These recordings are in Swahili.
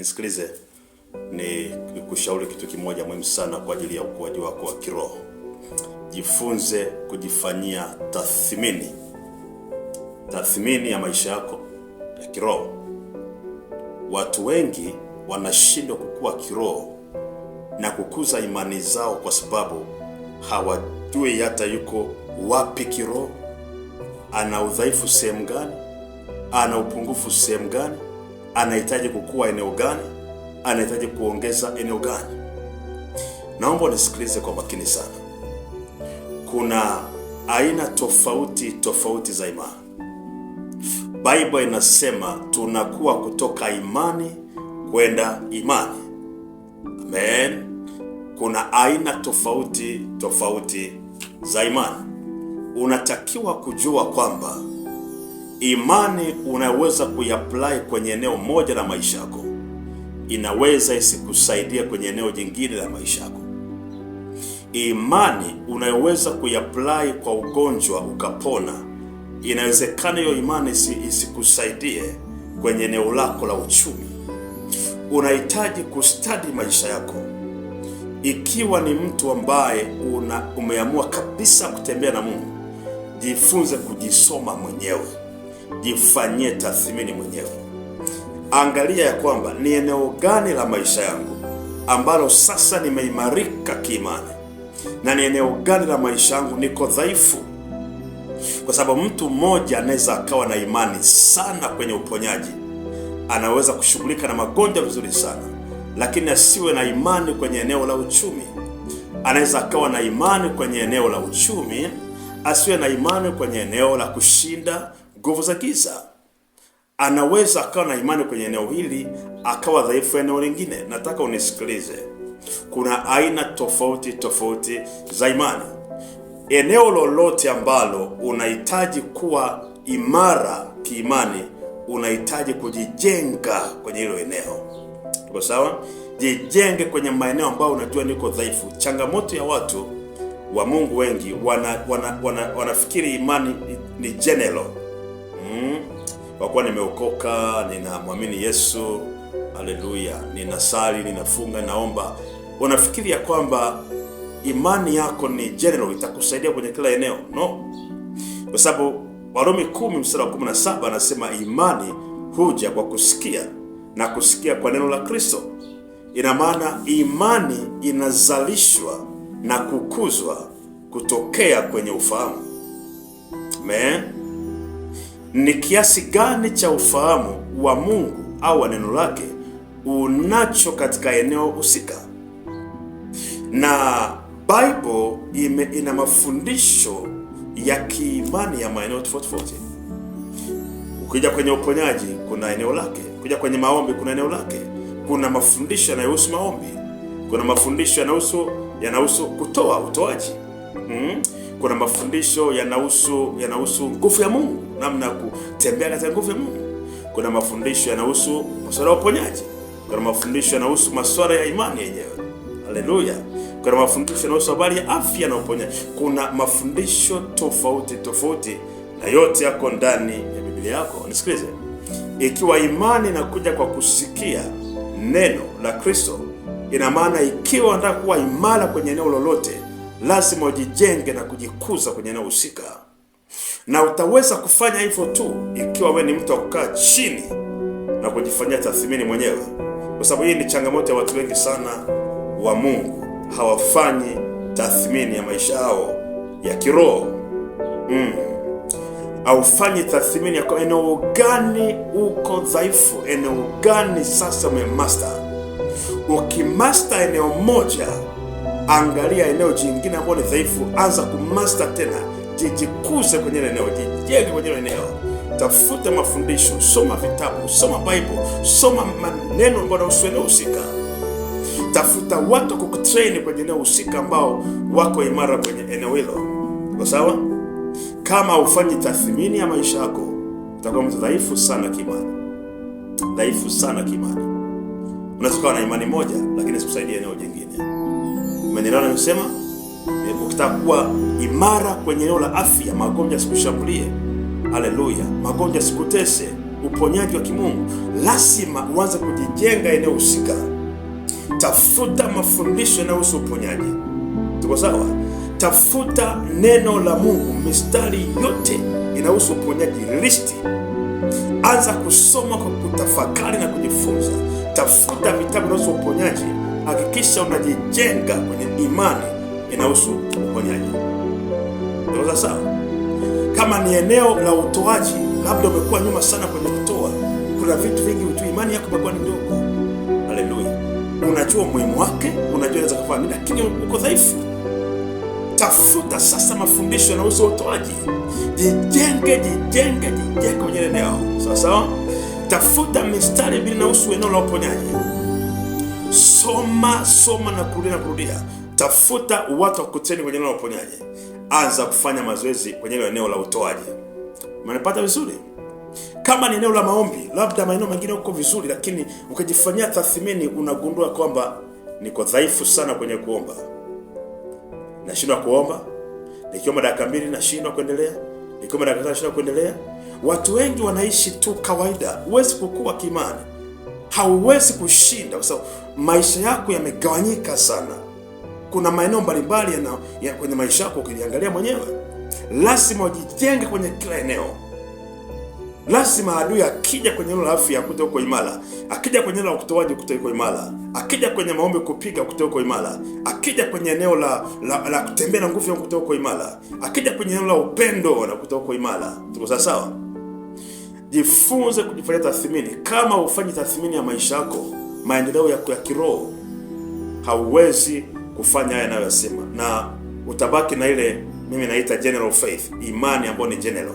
Nisikilize, ni kushauri kitu kimoja muhimu sana kwa ajili ya ukuaji wako wa kiroho. Jifunze kujifanyia tathmini, tathmini ya maisha yako ya kiroho. Watu wengi wanashindwa kukua kiroho na kukuza imani zao kwa sababu hawajui hata yuko wapi kiroho, ana udhaifu sehemu gani, ana upungufu sehemu gani anahitaji kukua eneo gani, anahitaji kuongeza eneo gani. Naomba unisikilize kwa makini sana. Kuna aina tofauti tofauti za imani. Biblia inasema tunakuwa kutoka imani kwenda imani. Amen. Kuna aina tofauti tofauti za imani. Unatakiwa kujua kwamba Imani unaweza kuiapply kwenye eneo moja la maisha yako, inaweza isikusaidia kwenye eneo jingine la maisha yako. Imani unayoweza kuiapply kwa ugonjwa ukapona, inawezekana hiyo imani isikusaidie kwenye eneo lako la uchumi. Unahitaji kustadi maisha yako. Ikiwa ni mtu ambaye una umeamua kabisa kutembea na Mungu, jifunze kujisoma mwenyewe jifanyie tathmini mwenyewe. Angalia ya kwamba ni eneo gani la maisha yangu ambalo sasa nimeimarika kiimani na ni eneo gani la maisha yangu niko dhaifu, kwa sababu mtu mmoja anaweza akawa na imani sana kwenye uponyaji, anaweza kushughulika na magonjwa vizuri sana, lakini asiwe na imani kwenye eneo la uchumi. Anaweza akawa na imani kwenye eneo la uchumi, asiwe na imani kwenye eneo la kushinda Nguvu za giza anaweza akawa na imani kwenye eneo hili akawa dhaifu eneo lingine. Nataka unisikilize, kuna aina tofauti tofauti za imani. Eneo lolote ambalo unahitaji kuwa imara kiimani, unahitaji kujijenga kwenye hilo eneo. Tuko sawa? Jijenge kwenye maeneo ambayo unajua niko dhaifu. Changamoto ya watu wa Mungu wengi wana, wana, wana, wanafikiri imani ni general kwa kuwa nimeokoka, ninamwamini Yesu. Haleluya, ninasali, ninafunga, naomba. Unafikiri ya kwamba imani yako ni general, itakusaidia kwenye kila eneo? No, kwa sababu Warumi 10 mstari wa 17 anasema imani huja kwa kusikia na kusikia kwa neno la Kristo. Ina maana imani inazalishwa na kukuzwa kutokea kwenye ufahamu. Amen. Ni kiasi gani cha ufahamu wa Mungu au wa neno lake unacho katika eneo husika? Na Bible ime, ina mafundisho ya kiimani ya maeneo tofauti tofauti. Ukija kwenye uponyaji kuna eneo lake, ukija kwenye maombi kuna eneo lake, kuna mafundisho yanayohusu maombi, kuna mafundisho yanahusu yanahusu kutoa utoaji, mm? kuna mafundisho yanahusu yanahusu nguvu ya Mungu namna ya kutembea katika nguvu ya Mungu. Kuna mafundisho yanahusu masuala ya uponyaji, kuna mafundisho yanahusu masuala ya imani yenyewe. Haleluya! Kuna mafundisho yanahusu habari ya afya na uponyaji. Kuna mafundisho tofauti tofauti, na yote yako ndani ya Biblia yako. Nisikilize, ikiwa imani inakuja kwa kusikia neno la Kristo, ina maana ikiwa unataka kuwa imara kwenye eneo lolote, lazima ujijenge na kujikuza kwenye eneo husika na utaweza kufanya hivyo tu ikiwa wewe ni mtu wa kukaa chini na kujifanyia tathmini mwenyewe, kwa sababu hii ni changamoto ya watu wengi sana wa Mungu, hawafanyi tathmini ya maisha yao ya kiroho mm. Haufanyi tathmini ya eneo gani uko dhaifu, eneo gani sasa umemasta. Ukimasta eneo moja, angalia eneo jingine ambalo ni dhaifu, anza kumaster tena jijikuze kwenye eneo, jijenge kwenye eneo. Tafuta mafundisho, soma vitabu, soma Bible, soma maneno ambayo usiwene husika. Tafuta watu kukutrain kwenye eneo husika ambao wako imara kwenye eneo hilo, kwa sawa. Kama ufanyi tathmini ya maisha yako, utakuwa mtu dhaifu sana kimani, dhaifu sana kimani. Unaweza kuwa na imani moja, lakini sikusaidia eneo jingine. Umenielewa ninasema? e, ukitaka kuwa imara kwenye eneo la afya, magonjwa sikushambulie Haleluya, magonjwa sikutese uponyaji wa kimungu. Lazima uanze kujijenga eneo husika, tafuta mafundisho yanayohusu uponyaji. Tuko sawa? Tafuta neno la Mungu, mistari yote inahusu uponyaji, listi Anza kusoma kwa kutafakari na kujifunza. Tafuta vitabu vinavyohusu uponyaji. Hakikisha unajijenga kwenye imani inahusu uponyaji. Ndio sawa. Kama ni eneo la utoaji, labda umekuwa nyuma sana kwenye kutoa, kuna vitu vingi tu, imani yako imekuwa ni ndogo. Haleluya! Unajua umuhimu wake, unajua unaweza kufanya nini, lakini uko dhaifu. Tafuta sasa mafundisho yanahusu utoaji, jijenge, jijenge, jijenge kwenye eneo sawa sawa. Tafuta mistari mbili inahusu eneo la uponyaji. Soma, soma na kurudia na kurudia tafuta watu wakukuteni kwenye eneo la uponyaji, anza kufanya mazoezi kwenye hilo eneo la utoaji. Umenipata vizuri? Kama ni eneo la maombi, labda maeneo mengine huko vizuri, lakini ukijifanyia tathmini unagundua kwamba niko dhaifu sana kwenye kuomba, nashindwa kuomba, nikiomba dakika mbili nashindwa kuendelea, nikiomba dakika tatu nashindwa kuendelea. Watu wengi wanaishi tu kawaida, huwezi kukua kimani hauwezi kushinda, kwa sababu maisha yako yamegawanyika sana. Kuna maeneo mbalimbali ya kwenye maisha yako, ukiliangalia mwenyewe, lazima ujitenge kwenye kila eneo. Lazima adui akija kwenye eneo la afya akute uko imara, akija kwenye eneo la kutoaji ukute uko imara, akija kwenye maombi kupiga ukute uko imara, akija kwenye eneo la la, la kutembea na nguvu ukute uko imara, akija kwenye eneo la upendo na ukute uko imara. Tuko sawa sawa? Jifunze kujifanya tathmini. Kama ufanye tathmini ya maisha yako, maendeleo yako ya kiroho, hauwezi kufanya haya anayosema, na utabaki na ile mimi naita general faith, imani ambayo ni general.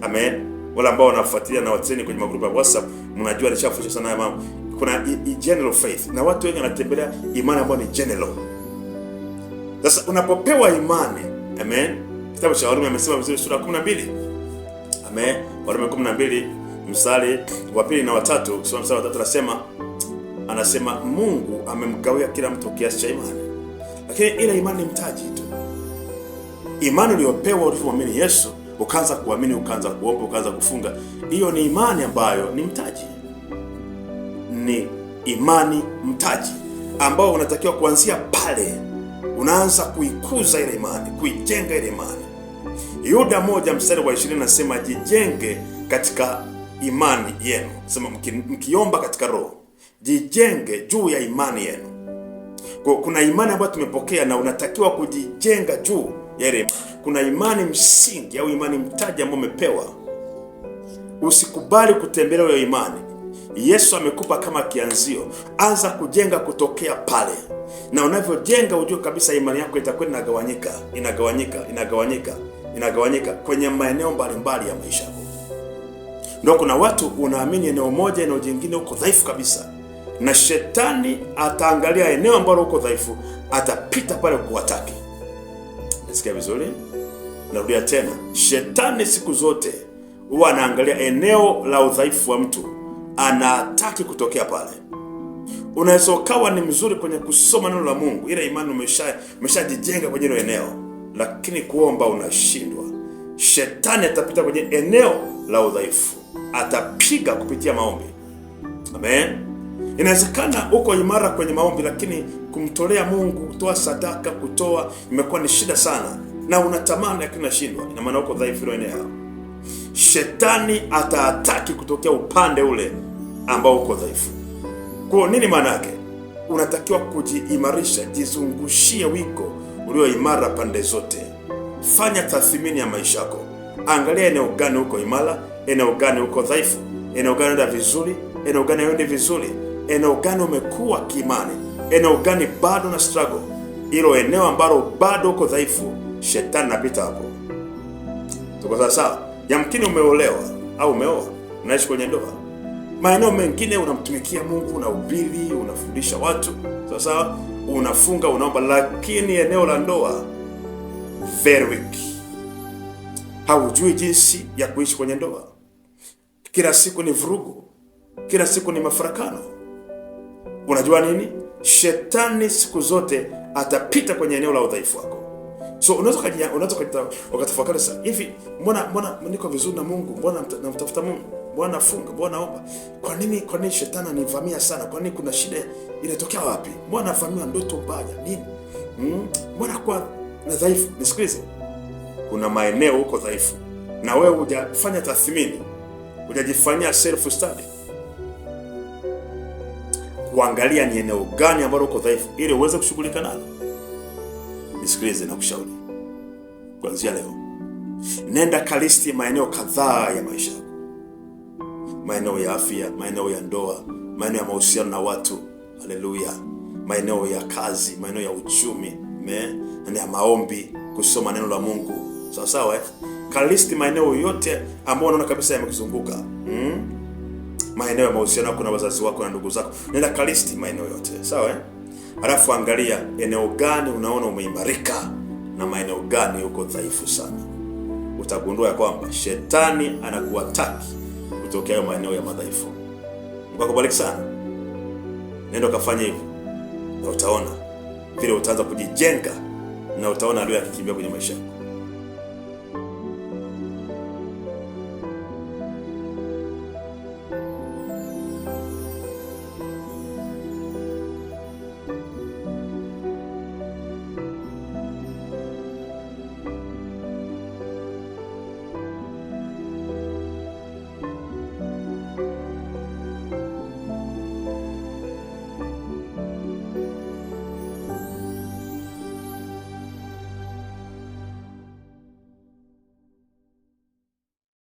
Amen. Wale ambao wanafuatilia na wateni kwenye magrupu ya WhatsApp, mnajua nishafundisha sana haya mambo. Kuna i, i general faith, na watu wengi wanatembelea imani ambayo ni general. Sasa unapopewa imani, amen. Kitabu cha Warumi amesema vizuri, sura 12 amen. Warumi 12 mstari wa pili na watatu, sura mstari wa tatu anasema anasema Mungu amemgawia kila mtu kiasi cha imani, lakini ila imani ni mtaji tu. Imani uliyopewa ulipomwamini Yesu, ukaanza kuamini, ukaanza kuomba, ukaanza kufunga, hiyo ni imani ambayo ni mtaji, ni imani mtaji ambao unatakiwa kuanzia pale, unaanza kuikuza ile imani, kuijenga ile imani. Yuda moja mstari wa 20 nasema, jijenge katika imani yenu, sema mkiomba katika roho jijenge juu ya imani yenu. Kwa kuna imani ambayo tumepokea na unatakiwa kujijenga juu ya ile. Kuna imani msingi au imani mtaji ambayo umepewa. Usikubali kutembelea hiyo imani. Yesu amekupa kama kianzio, anza kujenga kutokea pale, na unavyojenga ujue kabisa imani yako itakuwa inagawanyika inagawanyika inagawanyika inagawanyika kwenye maeneo mbalimbali ya maisha yako. Ndio kuna watu unaamini eneo moja, eneo jingine uko dhaifu kabisa na shetani ataangalia eneo ambalo uko dhaifu, atapita pale kuwataki. Nasikia vizuri? Narudia tena, shetani siku zote huwa anaangalia eneo la udhaifu wa mtu, anataki kutokea pale. Unaweza ukawa ni mzuri kwenye kusoma neno la Mungu, ila imani umeshajijenga kwenye hilo eneo, lakini kuomba unashindwa. Shetani atapita kwenye eneo la udhaifu, atapiga kupitia maombi. Amen. Inawezekana uko imara kwenye maombi, lakini kumtolea Mungu, kutoa sadaka, kutoa imekuwa ni shida sana, na unatamani lakini unashindwa. Ina maana uko dhaifu ile yako. Shetani ataataki kutokea upande ule ambao uko dhaifu. Kwa nini? Maana yake unatakiwa kujiimarisha, jizungushie wiko ulio imara pande zote. Fanya tathmini ya maisha yako, angalia eneo gani uko imara, eneo gani uko dhaifu, eneo gani enda vizuri, eneo gani aende vizuri eneo gani umekuwa kiimani, eneo gani bado na struggle, ilo eneo ambalo bado uko dhaifu, shetani napita hapo. Tuko sawa sawa? Yamkini umeolewa au umeoa, unaishi kwenye ndoa, maeneo mengine unamtumikia Mungu, unahubiri, unafundisha watu, sawa sawa, unafunga, unaomba, lakini eneo la ndoa very weak. Haujui jinsi ya kuishi kwenye ndoa, kila siku ni vurugu, kila siku ni mafarakano unajua nini, shetani siku zote atapita kwenye eneo la udhaifu wako. So unaweza unaweza ukatafakari sana hivi, mbona mbona niko vizuri na Mungu, mbona namtafuta Mungu, mbona nafunga, mbona naomba, kwa nini kwa nini shetani anivamia sana? Kwa nini kuna shida inatokea wapi? Mbona navamiwa ndoto mbaya nini? Mm, mbona kwa na dhaifu? Nisikilize, kuna maeneo huko dhaifu, na wewe hujafanya tathmini, hujajifanyia self study kuangalia ni eneo gani ambalo uko dhaifu ili uweze kushughulika nalo. Nisikilize na kushauri, kuanzia leo nenda kalisti maeneo kadhaa ya maisha yako, maeneo ya afya, maeneo ya ndoa, maeneo ya mahusiano na watu. Haleluya! maeneo ya kazi, maeneo ya uchumi, maeneo ya maombi, kusoma neno la Mungu. Sawa sawa, eh? Kalisti maeneo yote ambayo unaona kabisa yamekuzunguka, mm? maeneo ya mahusiano yako na wazazi wako na ndugu zako, nenda kalisti maeneo yote, sawa eh? Alafu angalia eneo gani unaona umeimarika na maeneo gani uko dhaifu sana. Utagundua ya kwamba shetani anakuataki kutokea hayo maeneo ya madhaifu. Mungu akubariki sana, nenda ukafanya hivyo, na utaona vile utaanza kujijenga na utaona aliyo akikimbia kwenye maisha yako.